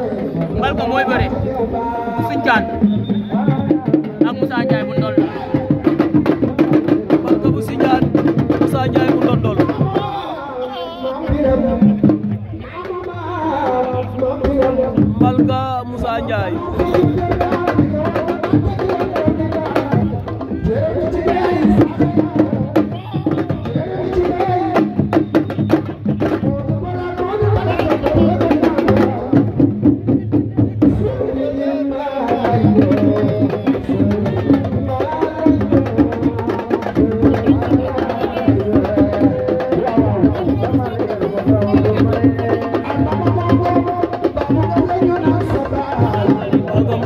Moussa Mbalka mooy bëre bu Sintiaan ak Moussa Ndiaye bu ndol Mbalka bu Sintiaan Moussa Ndiaye bu ndondol Mbalka Moussa Ndiaye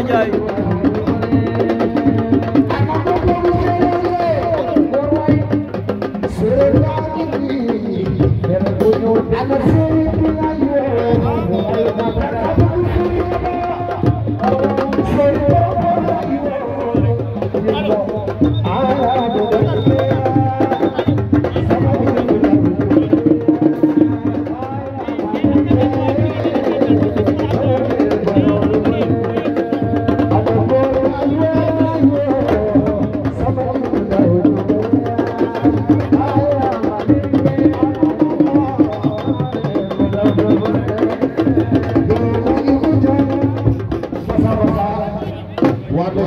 Njaay Séeréer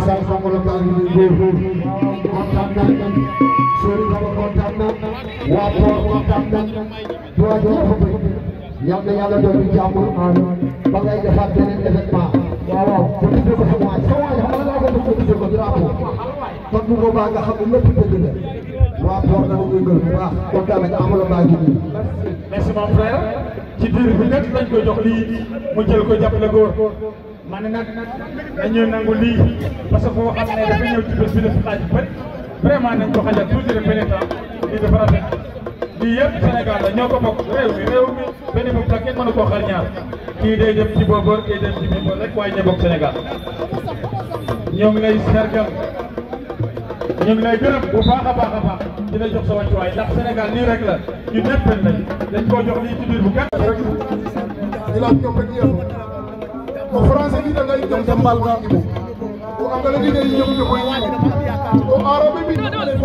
ndeysaan Fongolo baa ngi nii góor kontaan nañ Sori Baba kontaan nañ waa Poor kontaan nañ Dojo fa bëri yal na yàlla doon jàmm ba ngay defaat beneen événement waaw waaw ko tuddee ko sa waay sa waay xam nga laa ko def ko tuddee ko drapeau kon bu boobaa nga xam ne lépp dëgg la waa Poor dama koy gërëm bu baax kontaan nañ Amadou baa ngi nii merci mon frère ci diir bi lépp lañ ko jox lii mu jël ko jàppale góor ma ne nag dañoo nangu lii parce que foo xam ne dafa ñëw ci bés bi def laaj bëri vraiment nañ ko xajal toujours benn temps lii dafa rafet lii yëpp Sénégal la ñoo ko bokk réew mi réew mi benn bopp la kenn mënu koo xar ñaar kii day dem ci boobor kii dem ci boobor rek waaye ñoo bokk Sénégal ñoo ngi lay sargal ñu ngi lay gërëm bu baax a baax a baax di la jox sa wàccuwaay ndax Sénégal nii rek la ñu ñëpp benn lañ dañ koo jox lii ci biir bu gàtt rek di la jox rek yow ko français bi da ngay dem Mbalka ko angale bi day ñëw ñu koy ko arabe bi